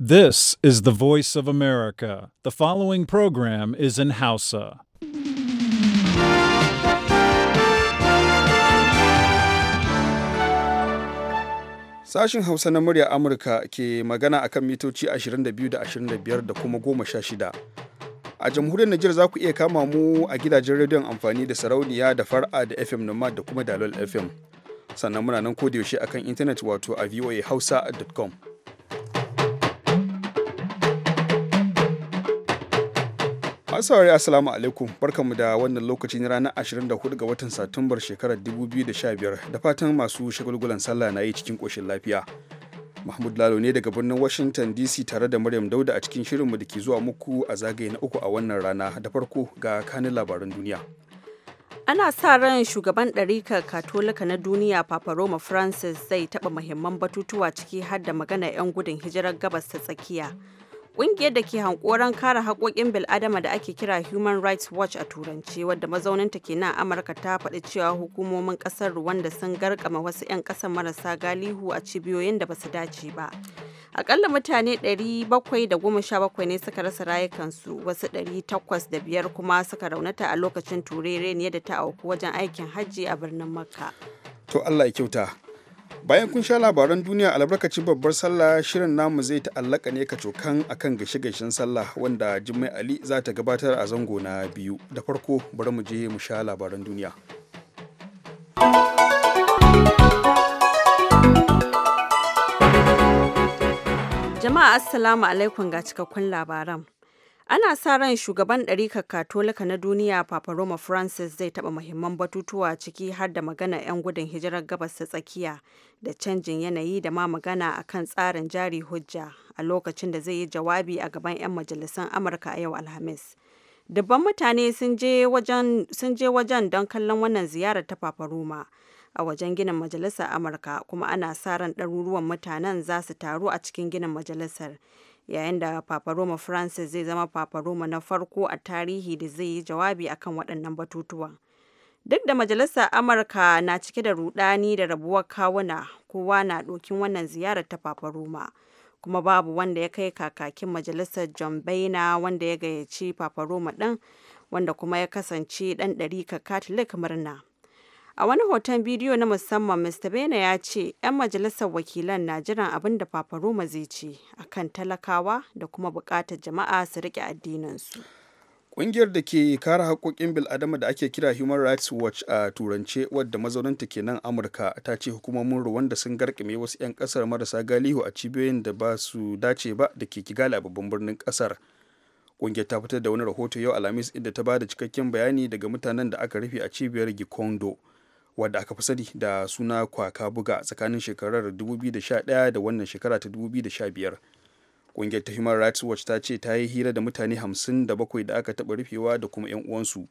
This is the voice of America. The following program is in Hausa. Sashin Hausa na murya Amurka ke magana akan mitoci 22 da 25 da kuma 16. A jamhuriyar Najeriya za ku iya kama mu a gidajen rediyon amfani da sarauniya da far'a da FM Nomad da kuma Dalol FM. Sannan muna nan kodiyoshi akan intanet wato a voahausa.com. masu saurari assalamu alaikum barkamu da wannan lokacin ranar 24 ga watan satumbar shekarar 2015 da fatan masu shagulgulan sallah na yi cikin koshin lafiya mahmud lalo ne daga birnin washington dc tare da maryam dauda a cikin shirinmu da ke zuwa muku a zagaye na uku a wannan rana da farko ga kanin labaran duniya ana sa ran shugaban ɗarikar katolika na duniya papa roma francis zai taɓa muhimman batutuwa ciki har da magana 'yan gudun hijirar gabas ta tsakiya Ƙungiyar da ke hankoran kare haƙoƙin bil'adama da ake kira Human Rights Watch a Turanci, wadda mazauninta ke nan Amurka ta faɗi cewa hukumomin ƙasar Rwanda sun garkama wasu 'yan ƙasar marasa galihu a cibiyoyin da basu dace ba. Akalla mutane 717 ne suka rasa rayukansu wasu 805 kuma suka raunata a lokacin turere ne da ta auku wajen aikin hajji a birnin Makka. To Allah ya kyauta. bayan kun sha labaran duniya albarkacin babbar sallah shirin namu zai ta'allaka ne kacokan akan gashe-gashen sallah wanda jummai ali za ta gabatar a zango na biyu da farko bari mu je mu sha labaran duniya jama'a assalamu alaikum ga cikakkun labaran ana sa ran shugaban ɗarikar katolika na duniya papa roma francis zai taɓa muhimman batutuwa ciki har da magana 'yan gudun hijirar gabas ta tsakiya da canjin yanayi da ma magana a kan tsarin jari hujja a lokacin da zai yi jawabi a gaban 'yan majalisan amurka a yau alhamis dubban mutane sun je wajen don kallon wannan ziyarar ta papa roma a wajen ginin majalisar amurka kuma ana sa ran ɗaruruwan mutanen za su taru a cikin ginin majalisar yayin da Papa Roma Francis zai zama Papa Roma na farko a tarihi da zai yi jawabi akan waɗannan batutuwa Duk da Majalisar Amurka na cike da rudani da rabuwar kawuna, kowa na ɗokin wannan ziyarar ta Papa Roma. Kuma babu wanda ya kai kakakin majalisar John Baina wanda ya gayyaci Papa Roma ɗin, wanda kuma ya kasance ɗan ɗari ka Catholic murna. A wani hoton bidiyo na musamman, Mr. bena ya ce 'yan majalisar wakilan na jiran abin da Paparoma zai ce kan talakawa da kuma bukatar jama'a su rike addininsu. Ƙungiyar da ke kare haƙoƙin bil'adama da ake kira Human Rights Watch a turance wadda mazauninta ke nan Amurka ta ce hukumomin ruwan da sun garkame wasu 'yan ƙasar marasa galihu a cibiyoyin da ba su dace ba da ke Kigali a babban birnin ƙasar. Ƙungiyar ta fitar da wani rahoto yau Alhamis inda ta ba da cikakken bayani daga mutanen da aka rufe a cibiyar Gikondo. wadda aka fi sani da suna kwaka buga tsakanin shekarar 2011 da wannan shekara ta 2015 ƙungiyar ta human rights watch ta ce ta yi hira da mutane 57 da aka taɓa rufewa da kuma 'yan uwansu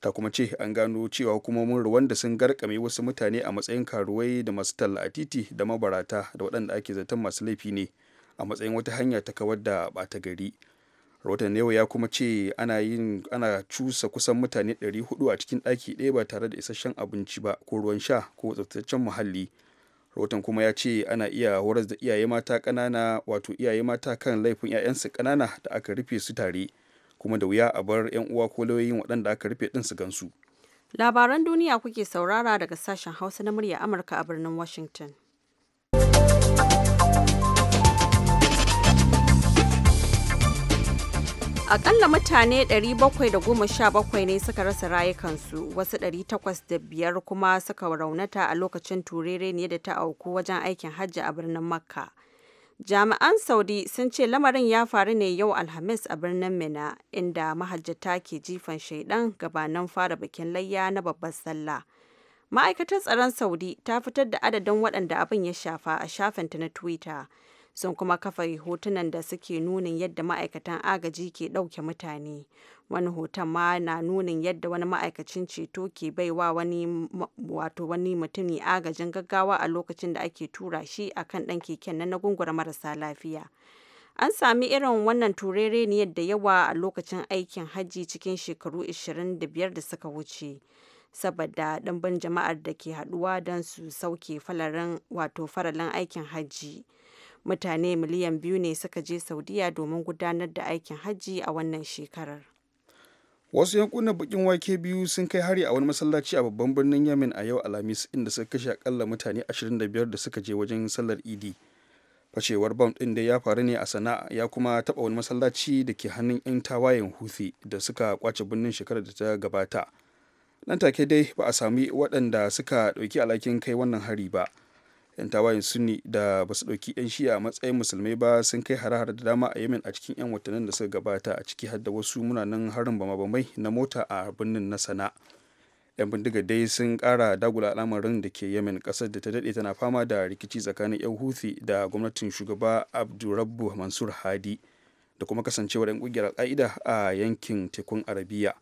ta kuma ce an gano cewa hukumomin da sun garkame wasu mutane a matsayin karuwai da masu talla a titi da mabarata da waɗanda ake zaton masu laifi ne a matsayin wata hanya ta kawar da ɓata gari rahoton newa ya kuma ce ana yin ana cusa kusan mutane 400 a cikin ɗaki ɗaya ba tare da isasshen abinci ba ko ruwan sha ko tsaftataccen muhalli rahoton kuma ya ce ana iya horas da iyaye mata ƙanana wato iyaye mata kan laifin 'ya'yansu kanana da aka rufe su tare kuma da wuya a bar 'yan uwa ko lauyoyin waɗanda aka rufe ɗin su gansu labaran duniya kuke saurara daga sashen hausa na murya amurka a birnin washington Akalla mutane 717 ne suka rasa rayukansu, wasu 805 kuma suka raunata a lokacin turere ne da ta auku wajen aikin hajji a birnin Makka. Jami'an Saudi sun ce lamarin ya faru ne yau Alhamis a birnin Mina, inda mahajjata ke jifan shaidan gabanin fara bikin layya na babbar sallah. Ma'aikatar tsaron Saudi ta fitar da adadin waɗanda abin ya shafa a shafinta na Twitter. sun kuma kafa hotunan da suke nunin yadda ma'aikatan agaji ke ɗauke mutane wani hoton ma na nunin yadda wani ma'aikacin ceto ke baiwa wani wato wani mutumi agajin gaggawa a lokacin da ake tura shi a kan ɗan keken na gungura marasa lafiya an sami irin wannan turereniyar yadda yawa a lokacin aikin hajji cikin shekaru 25 da suka wuce saboda ɗimbin jama'ar da ke haɗuwa don su sauke faralin aikin hajji. mutane miliyan biyu ne suka je saudiya domin gudanar da aikin hajji a wannan shekarar wasu yankunan bakin wake biyu sun kai hari a wani masallaci a babban birnin yamin a yau alhamis inda suka kashe akalla mutane 25 da suka je wajen sallar idi fashewar bam din da ya faru ne a sana'a ya kuma taba wani masallaci da ke hannun 'yan tawayen huthi da suka kwace birnin shekarar da ta gabata nan take dai ba a sami waɗanda suka ɗauki alhakin kai wannan hari ba 'yan tawayen sunni da ba su ɗauki 'yan shi'a a matsayin musulmai ba sun kai harahar da dama a yemen a cikin 'yan watannin da suka gabata a ciki har da wasu munanan harin bama-bamai na mota a birnin na sana'a 'yan bindiga dai sun kara dagula al'amarin da ke yemen kasar da ta dade tana fama da rikici tsakanin 'yan huthi da gwamnatin shugaba abdulrabbu mansur hadi da kuma kasancewar 'yan kungiyar al'aida a yankin tekun arabiya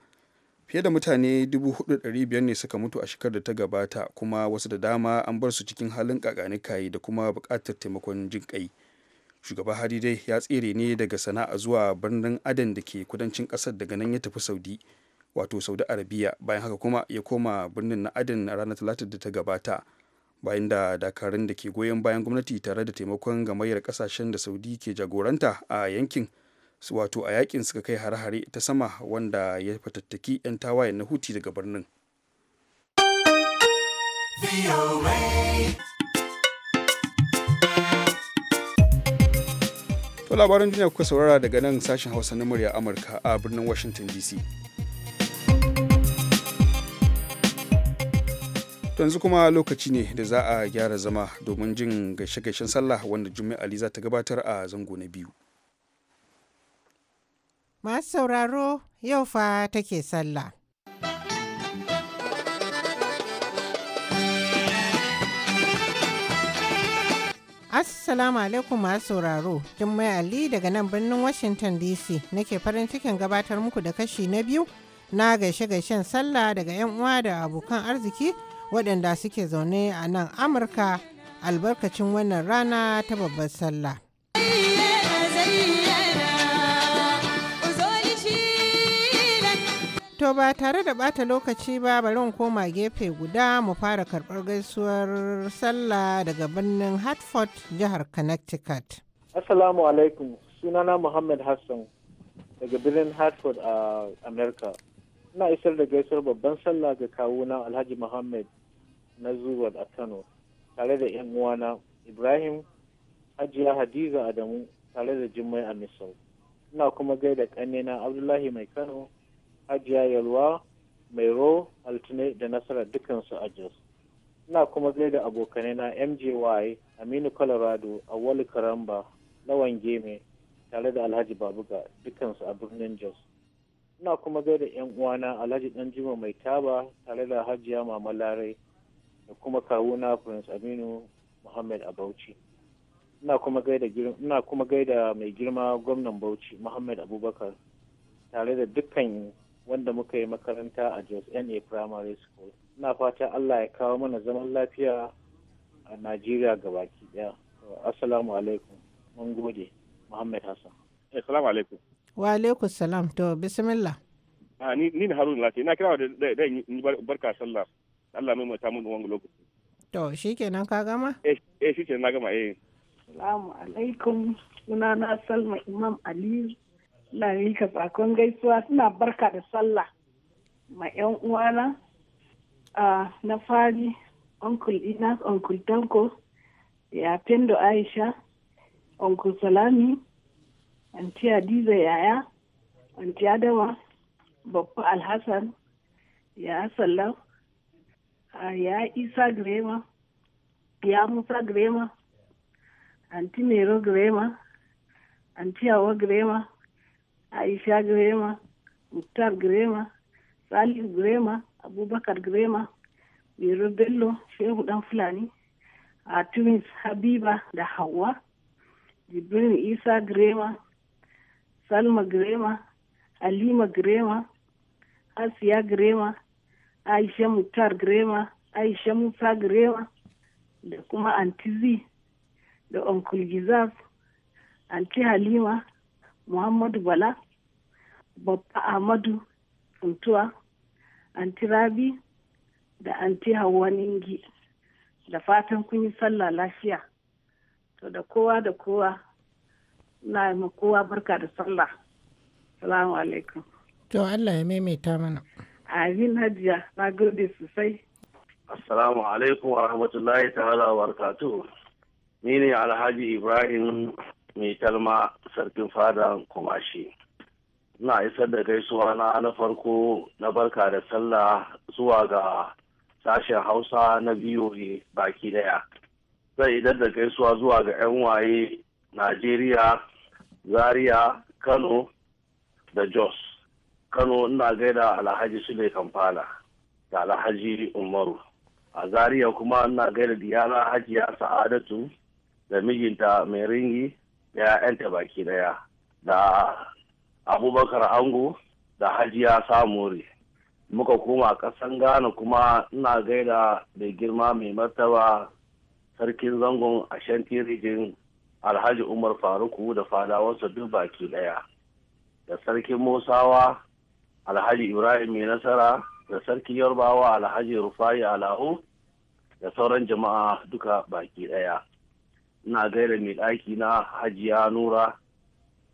fiye da mutane 4,500 ne suka mutu a shekarar da ta gabata kuma wasu da dama an bar su cikin halin kakanikayi da kuma bukatar taimakon jin kai shugaba hari dai ya tsere ne daga sana'a zuwa birnin adan da ke kudancin kasar daga nan ya tafi saudi wato saudi arabia bayan haka kuma ya koma birnin na adan a ranar talatar da ta gabata bayan da dakarun da ke goyon bayan gwamnati tare da taimakon gamayyar kasashen da saudi ke jagoranta a yankin su wato a yakin suka kai hare-hare ta sama wanda ya fatattaki 'yan tawaye na huti daga birnin To labaran duniya kuka saurara daga nan sashen hausa na murya amurka a birnin washington dc yanzu kuma lokaci ne da za a gyara zama domin jin gaishe-gaishen sallah wanda jummai ali za ta gabatar a zango na biyu Masu sauraro yau fa take sallah. Assalamu alaikum masu sauraro, Jummai Ali daga nan birnin Washington DC nake farin cikin gabatar muku da kashi na biyu na gaishe-gaishen sallah daga 'yan uwa da abokan arziki waɗanda suke zaune a nan Amurka albarkacin wannan rana ta babbar sallah. To ba tare da bata lokaci ba bari mu koma gefe guda mu fara karɓar gaisuwar sallah daga birnin Hartford jihar Connecticut. Assalamu alaikum sunana Muhammad Hassan daga birnin Hartford a America. Ina isar da gaisuwar babban sallah ga kawuna Alhaji Muhammad na Zuwar a Kano tare da 'yan uwana Ibrahim Hajiya Hadiza Adamu tare da Jummai a Misau. Ina kuma gaida ƙannena Abdullahi Mai Kano hajiya yalwa mairo altine da nasara dukansu a jos ina kuma gaida na mjy aminu colorado awali karamba lawan geme tare da alhaji babuga dukansu a birnin jos ina kuma gaida yan uwana alhaji danjuma mai taba tare da hajiya mama lare da kuma kawuna prince aminu muhammad a bauchi ina kuma gaida ina kuma gaida mai girma gwamnan bauchi muhammad abubakar tare da dukkan wanda muka yi makaranta a Jos NA Primary School. na fata Allah ya kawo mana zaman lafiya a Najeriya gabaki daya. Assalamu alaikum. Mun gode. Muhammad Hassan. Assalamu alaikum. Wa alaikum salam. To bismillah. a ah, ni ni Haruna Lati. na kira da da barka sallah. Allah mai mata mun wani lokaci. To shikenan ka gama? Eh, eh shikenan na gama eh. Assalamu alaikum. Sunana Salma Imam Aliyu. na mika sakon gaisuwa suna barka da sallah ma 'yan uwana na fari uncle inas uncle tanko ya pendo aisha uncle salami anti hadiza yaya anti adawa babba alhassan ya sallau ya isa grema ya musa grema anti mero grema anti hawa grema aisha grema muktar grema salihu girema abubakar grema biro bello shehu dan fulani a habiba da hawa jibrin isa girema salma girema halima girema asiya girema aisha muktar grema aisha musa girema da kuma antizi da onkul gizaf anti halima muhammadu bala babba ahmadu tuntuwa anti rabi da anti Hauwa ningi da fatan kun yi sallah lafiya to da kowa da kowa na ma kowa barka da sallah salamu alaikum to allah ya maimaita mana amin hajiya na gode sosai assalamu alaikum wa rahmatullahi ta'ala wa barakatuh ni ne alhaji ibrahim mai talma sarkin fadan kumashi na isar da gaisuwa na na farko na barka da sallah zuwa ga sashen hausa na biyoyi baki daya zai idar da gaisuwa zuwa ga 'yan waye najeriya zaria kano da jos kano ina gaida alhaji sule kamfala da alhaji umaru a zaria kuma ina gaida diyana hajiya sa'adatu da mijinta mai ringi da 'ya'yanta baki daya da abubakar hango da hajiya Samuri muka koma ƙasan ghana kuma ina gaida da girma mai martaba sarkin zangon ashanti rijin alhaji umar faruku da wasu duk baki daya da sarkin musawa alhaji ibrahim mai nasara da sarkin yarbawa alhaji rufai alahu da sauran jama'a duka baki daya ina gaira mai ɗaki na hajiya nura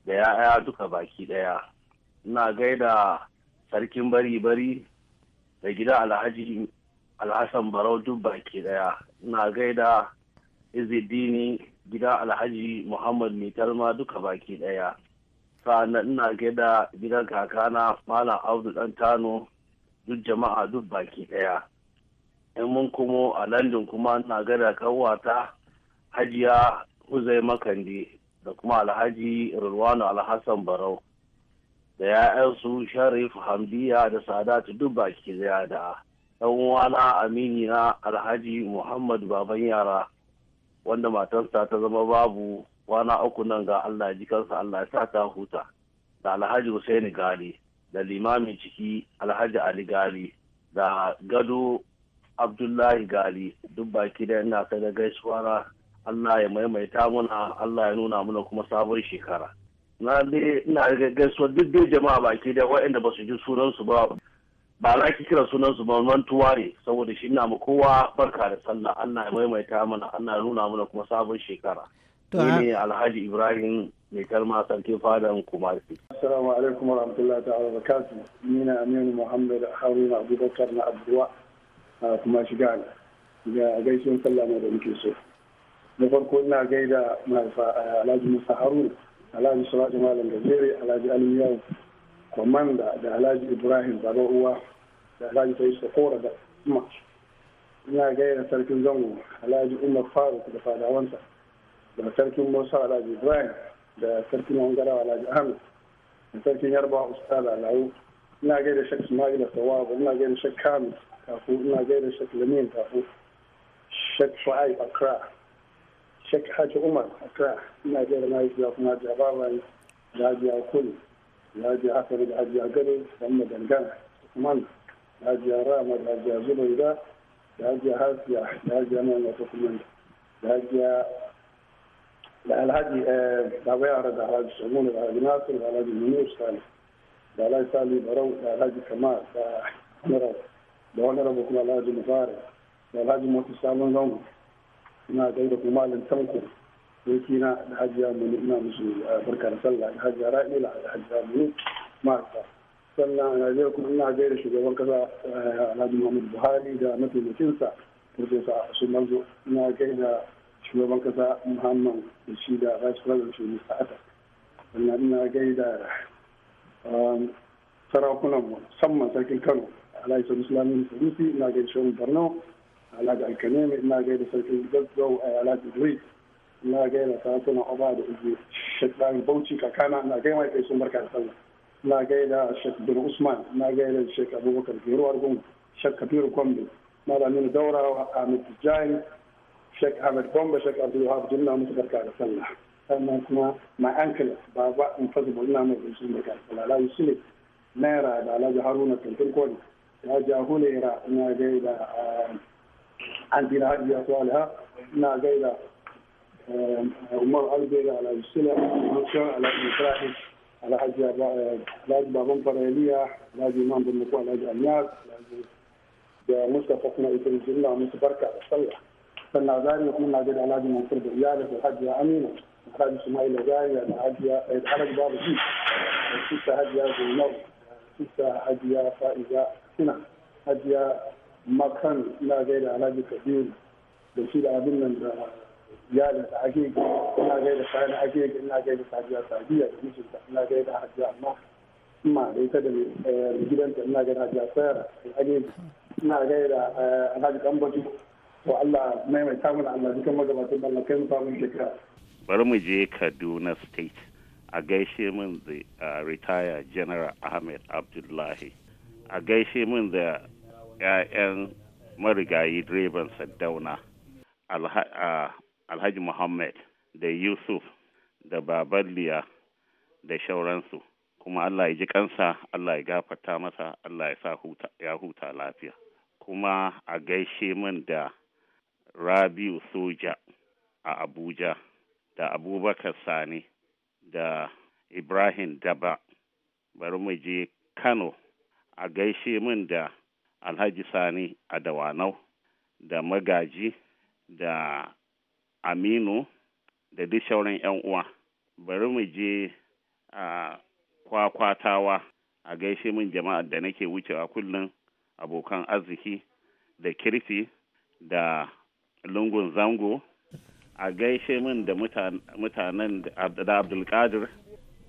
da ya'ya duka baki ɗaya ina gaida sarkin bari bari da gida alhaji alhassan barau duk baki ɗaya ina gaida izidini gida alhaji muhammad mitalma duka baki ɗaya sa'annan ina gaida gidan kakana malam audu dan tano duk jama'a duk baki ɗaya in mun kuma a landin kuma ina gaida kawata hajiya Uzai Makande da kuma Alhaji Rulwano Alhassan Barau da ‘ya'yansu Sharif Hamdiya da Sadatu duk baki zaya da ɗan uwana Aminiya Alhaji Muhammad Baban Yara wanda matarsa ta zama babu wana uku nan ga Allah jikansa Allah sa ta huta da Alhaji Hussaini Gali da limamin ciki Alhaji Ali Gali da gado Abdullahi Gali duk baki da ina ta da gaisuwa Allah ya maimaita muna Allah ya nuna muna kuma sabon shekara na dai ina duk dai jama'a baki da waɗanda ba su ji sunansu ba ba za ki kira sunansu ba mantuwa saboda shi ina kowa barka da sallah Allah ya maimaita mana Allah ya nuna mana kuma sabon shekara ni ne Alhaji Ibrahim mai kalma sarki fadan kumasi assalamu alaikum warahmatullahi ta'ala barakatuh ni na Aminu Muhammad Haruna Abubakar na Abduwa kuma shiga ga gaisuwar sallah ne da muke so na farko ina gaida mahaifa alhaji musa haruna alhaji suraju malam gajere alhaji alim yau kwamanda da alhaji ibrahim baba uwa da alhaji sai sokora da kuma ina gaida sarkin zango alhaji umar faruk da fadawansa da sarkin musa alhaji ibrahim da sarkin wangarawa alhaji ahmed da sarkin yarbawa ustaz alawu ina gaida shek ismail sawabu ina gaida shek kamis kafu ina gaida shek lamin kafu shek shu'aib akra شك حاجة عمر أكراه ما جاء ما يجي ما جاء بابا لا جاء كل لا جاء أكل لا جاء قري لما دنقان ثمان لا جاء رام لا جاء زبي لا لا جاء هذا لا جاء ما تكمل لا جاء لا الهدي لا ويعرض على السمون على ناصر على المنور سالم لا لا يسالي برو لا الهدي كمال لا نرى لا نرى بكم على الهدي مفارق لا الهدي موت السالم لهم ina gaida ku malam tanko yanki na da hajiya mu ina musu barka da sallah da hajiya ra'ila da hajiya mu ma'aikata sannan a najeriya kuma ina gaida shugaban kasa alhaji muhammad buhari da mataimakinsa profesa sumanzo ina gaida shugaban kasa muhammad da shi da vice president shi mr atas sannan ina gaida sarakunan musamman sarkin kano alhaji sanusi lamini sanusi ina gaida shi borno علاج alkalin ilaa gayda sarkin gaggo a alhaji idris ilaa gayda sarakuna oba da izi shek ɗarin bauchi kakana na gai mai kai sun barka da sallah ina gaida shek bin usman ina gaida shek abubakar gero argun shek kabiru gombe na da nuna daura ahmed tijjani shek ahmed gombe shek abdulwahab jinna musu barka da sallah sannan kuma my uncle baba in fasibo ina mai kai sun barka da sallah alhaji sule naira da alhaji haruna kantin koli ya jahule ira ina gaida عن بناء أطوالها ما قيل ومرعى بين على السلم على المسرح على حج علاج بابون فريلية علاج إمام بن مكوى علاج أنياس علاج مصطفى اسمه إبن الله ومصطفى بركة الصلح فالنا ذاري وقمنا علاج علاج منصور بإيالة والحج أمينة علاج إسماعيل غاية الحج الحرج باب الجيش الستة حجية بالنور الستة حجية فائزة سنة حجية makan ina gaida alhaji kabiru da shi da abin nan da yaron da ake ina gaida sani ake ina gaida sabiya sabiya da mijinta ina gaida hajji amma ma da ita da gidanta ina gaida hajiya da ake ina gaida eh, alhaji kambatu to Allah maimaita mana Allah dukan magabatan Allah kai mu samu shekara bari mu je Kaduna state a gaishe min da eh, retired general Ahmed Abdullahi a gaishe min da 'ya'yan marigayi direban Saddauna Alhaji Muhammad da Yusuf da babaliya da shauransu kuma Allah ya ji kansa Allah ya gafarta masa Allah ya sa ya huta lafiya kuma a gaishe min da Rabiu Soja a Abuja da Abubakar Sani da Ibrahim Daba bari mu je Kano a gaishe min da alhaji sani a dawanau da magaji da aminu da duk sauran 'yan uwa bari mu je a kwakwatawa a gaishe min jama'ar da nake wucewa kullum abokan arziki da kirfi da lungun zango a gaishe min da mutanen da abdulkadir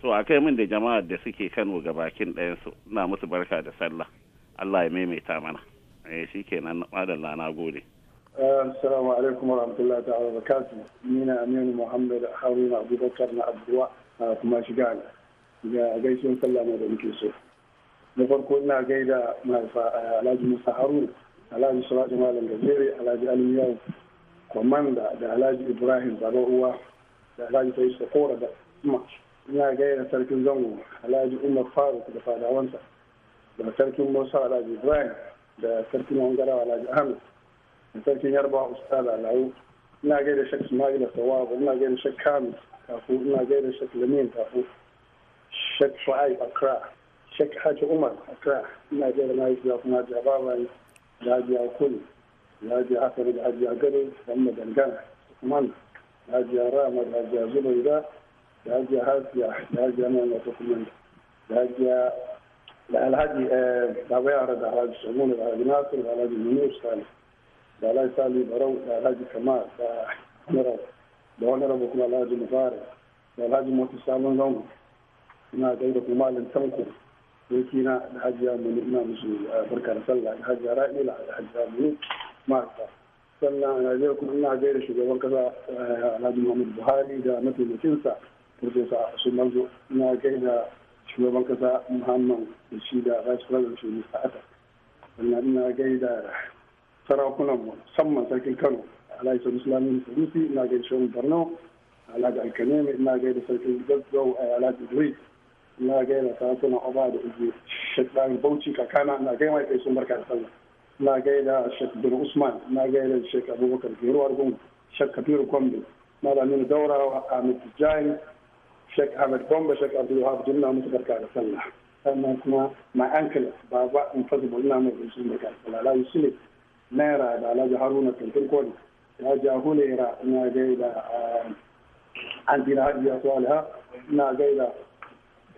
to a kai min da jama'ar da suke kano ga bakin ɗayansu ina musu barka da sallah Allah ya maimaita mana eh kenan madan na gode eh, assalamu alaikum warahmatullahi ta'ala barakatuh ni na Aminu Muhammad Haruna Abubakar na Abduwa kuma shiga ga gaishin sallah da muke so na farko ina gaida mahaifa Alhaji Musa Haruna Alhaji Suraju Malam Gajere Alhaji Aliyu Kwamanda da Alhaji Ibrahim Baba Uwa da Alhaji Faisu Kora da Ina gaida sarkin zango Alhaji Umar Faruk da fadawansa da sarkin musa alhaji ibrahim da sarkin wangara alhaji ahmed da sarkin yarba ustaz alayu ina gaida shek ismail sawabu ina gaida shek kamis kafu ina gaida shek lamin kafu shek shu'aib akra shek haji umar akra ina gaida na yi kuma jababai da hajiya kuli da hajiya hasari da hajiya gare da amma dangana man da hajiya rama da hajiya zubaida da hajiya hasiya da hajiya nan da kuma da hajiya الالهاجي داويار الالهاجي سمون الالهاجي ناصر الالهاجي يونس الالهاجي سالي برو الالهاجي كمال نرى دونر ابو كمال الالهاجي مفارق الالهاجي موت سالون زون ina gaida kuma malin tanko yake na da hajiya muni ina musu barka da sallah da hajiya ra'ila da hajiya muni mata sannan a najeriya kuma ina gaida shugaban kasa alhaji muhammadu buhari da mataimakinsa profesa su manzo ina gaida shugaban kasa muhammad da shi da vice president shi sa'ada na ina gaida sarakunan musamman sarkin kano alhaji sanu sulamin sanusi ina gaida shehu barno alhaji mai ina gaida sarkin gaggau a eh, alhaji Na ina gaida sarakunan oba da uzi shekɗan bauchi kakana ina gaida mai kai sun barka da sallah ina gaida shek bin usman ina gaida shek abubakar gero argun shek kabiru kwambe nuna daura a mitijani شك عمل بومبا شك عبد الوهاب جلنا متبرك على سنة أما أنتما ما أنكل بابا انفضبوا لنا مبرسين بك على لا يسلي نيرا على لا جهارونا تنتين كون لا جاهولي را نا جايدا عندي لها جي أطوالها نا جايدا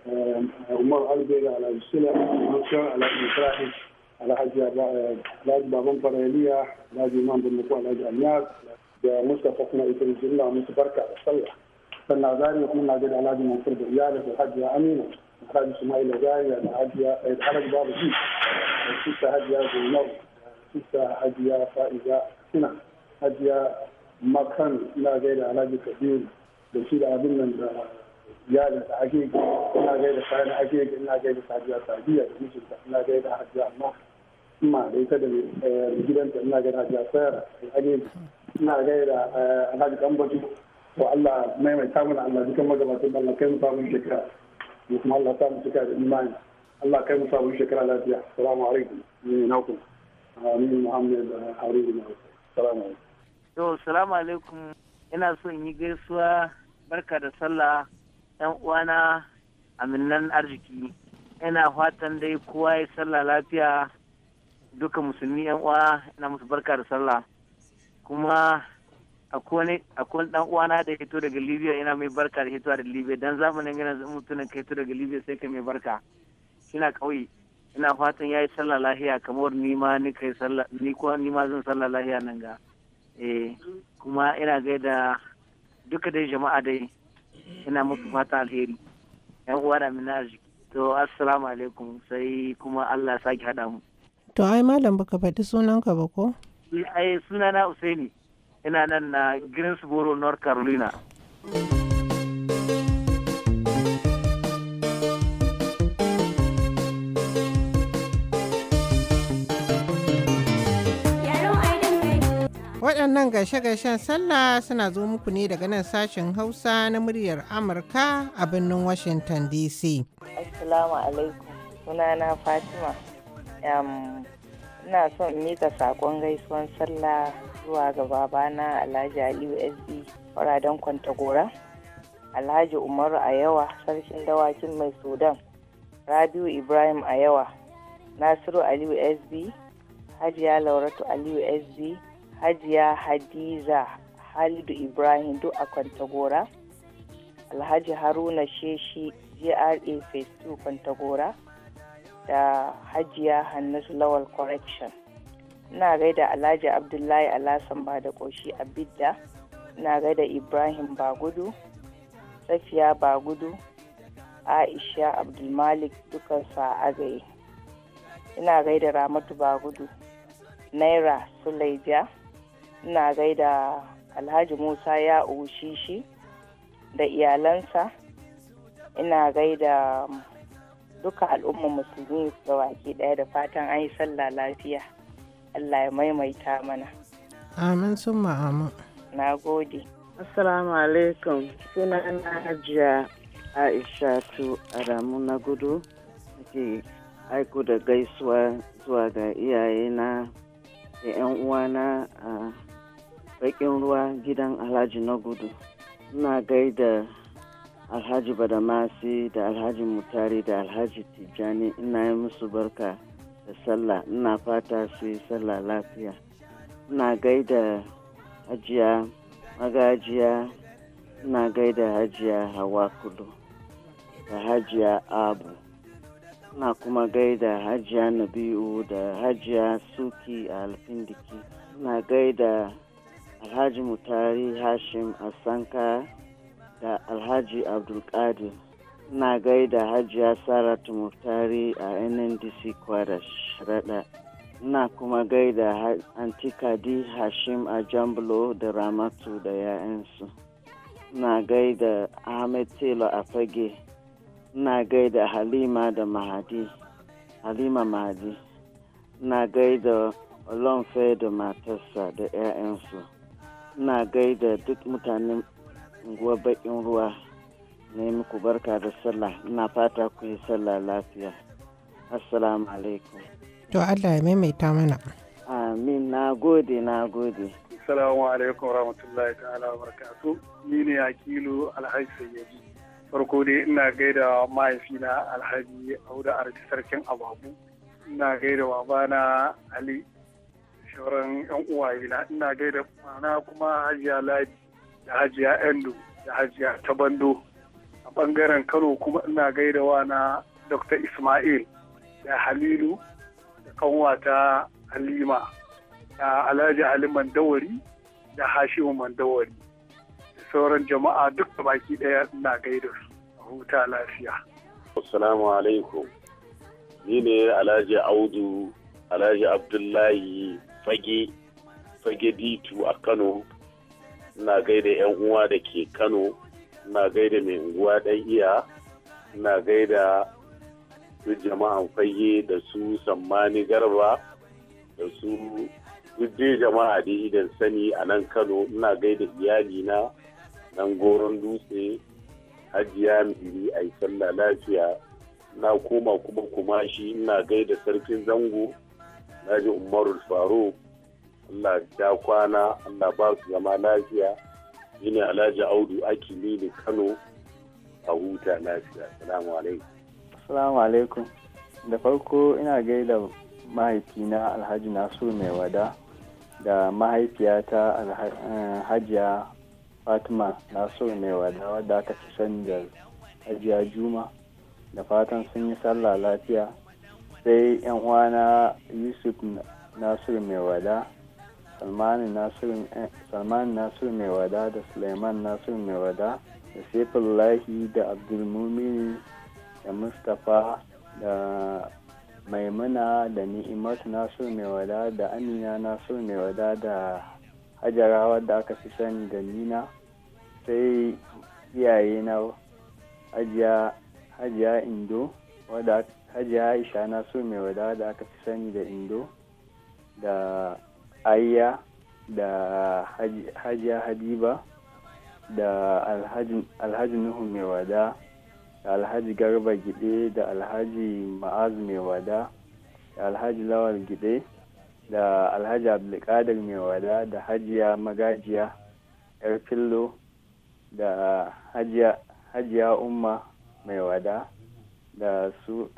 لا ألبي على يسلي مبرسين على مصراحي على حاجة لا جبا غنفر إليا لا جي مان بالنقوة لا جي أنياز مصطفى فنائي تنزلنا متبرك على سنة فالنعذاري يكون ناظر علاج منصور بإيالة وحاجة أمينة وحاجة شمائل وجاية وحاجة سيد حرج بابا فيه وستة هاجية بالنور ستة هاجية فائزة هنا هاجية مكان ناظر علاج كبير بشير أبين من iyalin da ake ina gaida kayan ake ina gaida sajiya sajiya da mijinta ina gaida hajiya amma ina da ita da gidanta ina gaida hajiya sayar ina gaida alhaji gambaji wa Allah mai mai samun Allah dukan magabatan Allah kai mu samu shekara mu kuma Allah samu shekara da imani Allah kai mu samu shekara lafiya salamu alaikum ni na ku amin muhammad hariri na assalamu alaikum to salamu alaikum ina son yi gaisuwa barka da sallah yan uwana aminan arziki ina fatan dai kowa ya sallah lafiya duka musulmi yan uwa ina musu barka da sallah kuma akwai wani dan uwana da hito daga libya yana mai barka da hitowa da libya dan zamanin gina mutumin ka hito daga libya sai ka mai barka suna kauye ina fatan yayi sallah lahiya kamar ni ma ni kai sallah ni ko ni ma zan sallah lahiya nan ga eh kuma ina gaida duka dai jama'a dai ina musu fata alheri yan uwa da mina arziki to assalamu alaikum sai kuma Allah saki hada mu to ai malam baka faɗi sunanka ba ko eh, ai sunana Usaini ina nan na greensboro north carolina waɗannan gashe-gashen sallah suna zo muku ne daga nan sashen hausa na muryar amurka a birnin washington dc assalamu alaikum sunana fatima ina son mika saƙon gaisuwan sallah zuwa ga babana Alhaji Aliyu SD Faradan Kwantagora, Alhaji Umaru Ayawa Sarkin Dawakin Mai Sudan, Rabiu Ibrahim Ayawa, Nasiru Aliyu SB, Hajiya Lauratu Aliyu SB, Hajiya Hadiza Halidu Ibrahim duk a Kwantagora, Alhaji Haruna Sheshi GRA Phase 2 Kwantagora, da Hajiya Hannatu Lawal Correction. ina gaida alhaji abdullahi alasan ba da ƙoshi a bidda ina gaida ibrahim bagudu safiya bagudu aisha abdulmalik dukansa a agaye ina gaida ramatu bagudu naira sulaija ina gaida alhaji musa ya shi da iyalansa ina gaida duka al'umma musulmi ga ɗaya daya da fatan an yi sallah lafiya Allah ya maimaita mana. Amin sun ma'amu. Na gode. Assalamu alaikum. Suna na hajiya Aisha tu Adamu na gudu. Ke aiko da gaisuwa zuwa ga iyayena da 'yan uwana a bakin ruwa gidan Alhaji na gudu. Ina gaida Alhaji Badamasi da Alhaji Mutari da Alhaji Tijjani ina yi musu barka. da sallah ina fata su yi sallah lafiya ina gaida hajiya magajiya ina gaida hajiya hawa kudu da hajiya abu ina kuma gaida hajiya nabi'u da hajiya suki a alfindiki ina gaida alhaji mutari hashim asanka da alhaji abdulkadir na gaida Hajiya Saratu Muftari a NNDC Kwada Sharaɗa. Ina kuma gaida Antikadi Hashim a Jambulo da Ramatu da 'ya'yansu. na gaida Ahmed Taylor a Fage. na gaida Halima da Mahadi. Halima Mahadi. na gaida Olonfe da matarsa da 'ya'yansu. na gaida duk mutanen unguwar baƙin ruwa. ne muku barka da sallah ina fata ku yi sallah lafiya assalamu alaikum to allah ya maimaita mana amin na gode na gode assalamu alaikum rahmatullahi ta'ala wa barakatu ni ne akilu alhaji sayyidi farko dai ina gaida mahaifina alhaji auda arti sarkin ababu ina gaida bana ali sauran yan uwayena ina gaida na kuma hajiya ladi da hajiya endo da hajiya ta bando Ɓangaren bangaren kano kuma ina gaidawa na dr ismail da halilu da kanwata halima da alhaji ali mandawari da hashimu mandawari da sauran jama'a duk da baki ɗaya ina gaida su a huta lafiya assalamu alaikum ni ne alhaji audu alhaji abdullahi fage fage ditu a kano ina gaida yan uwa da ke kano na gaida mai unguwa ɗan iya na gaida su jama'an fage da su sammani garba da su duk jama'a da idan sani a nan kano ina gaida iyalina nan goron dutse hajiya mai a sallah lafiya na koma kuma kuma shi ina gaida sarkin zango na ji umaru faruk allah ja kwana allah ba su zama lafiya shine Alhaji Audu aiki ne Kano a huta lafiya. salamu alaikum. salamu alaikum. Da farko ina gaida mahaifina Alhaji Nasiru mai wada da mahaifiyata eh, Hajiya Fatima Nasiru mai wada wadda aka ci da Hajiya Juma da fatan sun yi sallah lafiya sai 'yan uwana Yusuf Nasiru mai wada salmanin nasiru mai wada da suleiman nasir mai wada da saifullahi da abdulmumini da mustapha da maimuna da ni'imatu nasir mai wada da amina nasir mai wada da hajarawa wadda aka fi sani da nina sai iyaye na hajiya indo wadda hajiya aisha nasir mai wada da aka fi sani da indo da ayya da hajiya habiba da alhaji nuhu mai wada da alhaji garba gide da alhaji ma'az mai wada da alhaji lawal gide da alhaji abdulkadir mai wada da hajiya magajiya yar fillo da hajiya umma mai wada da su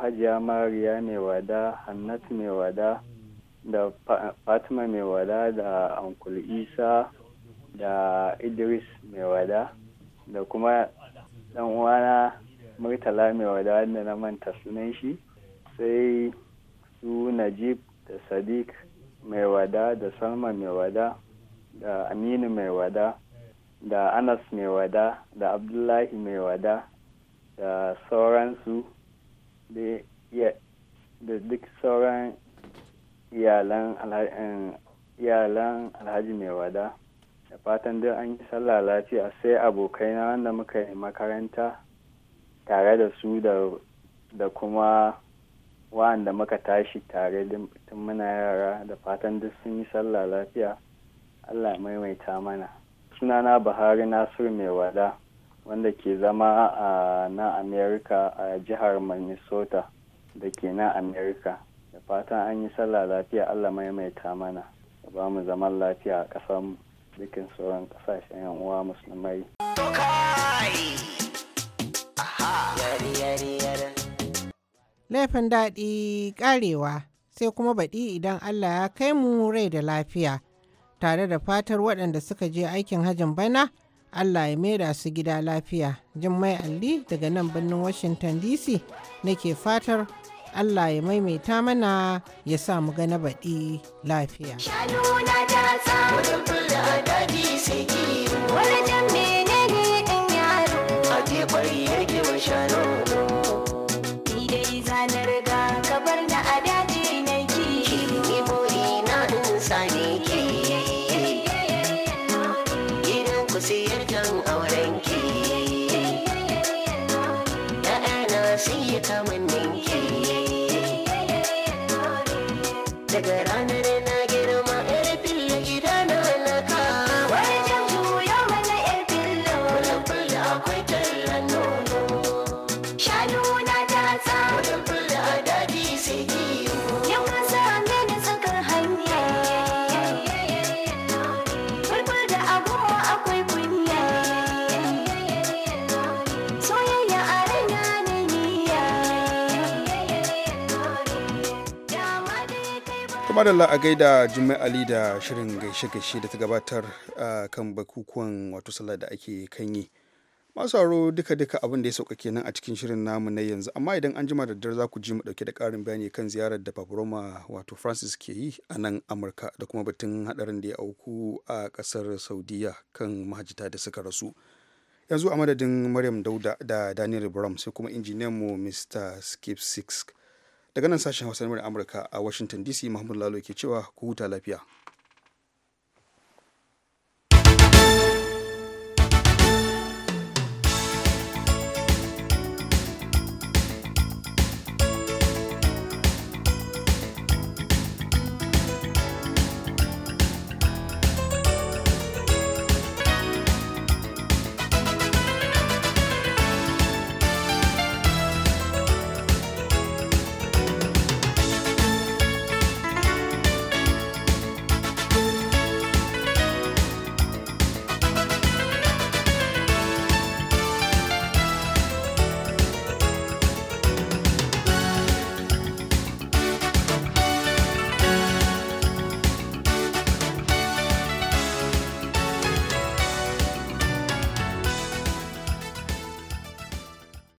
hajiya mariya mai wada hannatu mai wada da fatima mai wada da ankul isa da idris mai wada da kuma dan uwana murtala mai wada wanda na manta sunan shi sai su najib da sadiq mai wada da salma mai wada da aminu mai wada da anas mai wada da abdullahi mai wada da sauransu da duk sauran Eh, iyalan alhaji mai wada da fatan duk an yi sallah lafiya sai abokaina wanda muka yi makaranta tare da su da kuma wa'anda muka tashi tare tun muna yara da fatan duk sun yi sallah lafiya allah maimaita mana sunana buhari nasiru mai wada wanda ke zama a na america a jihar minnesota da ke na america da fatan an yi sallah lafiya allah maimaita mana da ba mu zaman lafiya a ƙasar bikin dukkan sauran ƙasashen yan uwa musulmai laifin daɗi ƙarewa sai kuma baɗi idan allah ya kai mu rai da lafiya tare da fatar waɗanda suka je aikin hajin bana Allah ya maida su gida lafiya. Jummai Alli daga nan birnin Washington DC nake fatar Allah ya maimaita mana ya sa mu ga baɗi lafiya. na Shanuna ta samu dubbula daji siki, wani jan menene ɗin yaro, a teɓar yake shanu. madalla a gaida jummai ali da shirin gaishe-gaishe da ta gabatar a kan bakukuwan wato sallah da ake kan yi masu haro duka-duka abin da ya sauka kenan a cikin shirin namu na yanzu amma idan an jima da dare za ku ji mu dauke da karin bayani kan ziyarar da paparoma wato francis ke yi a nan amurka da kuma batun hadarin da ya auku a kasar saudiya kan mahajita da suka rasu yanzu a madadin maryam dauda da daniel brom sai kuma injiniyanmu mr skip six daga nan sashen hausa na amurka a washington dc mahmud lalo ke cewa ku huta lafiya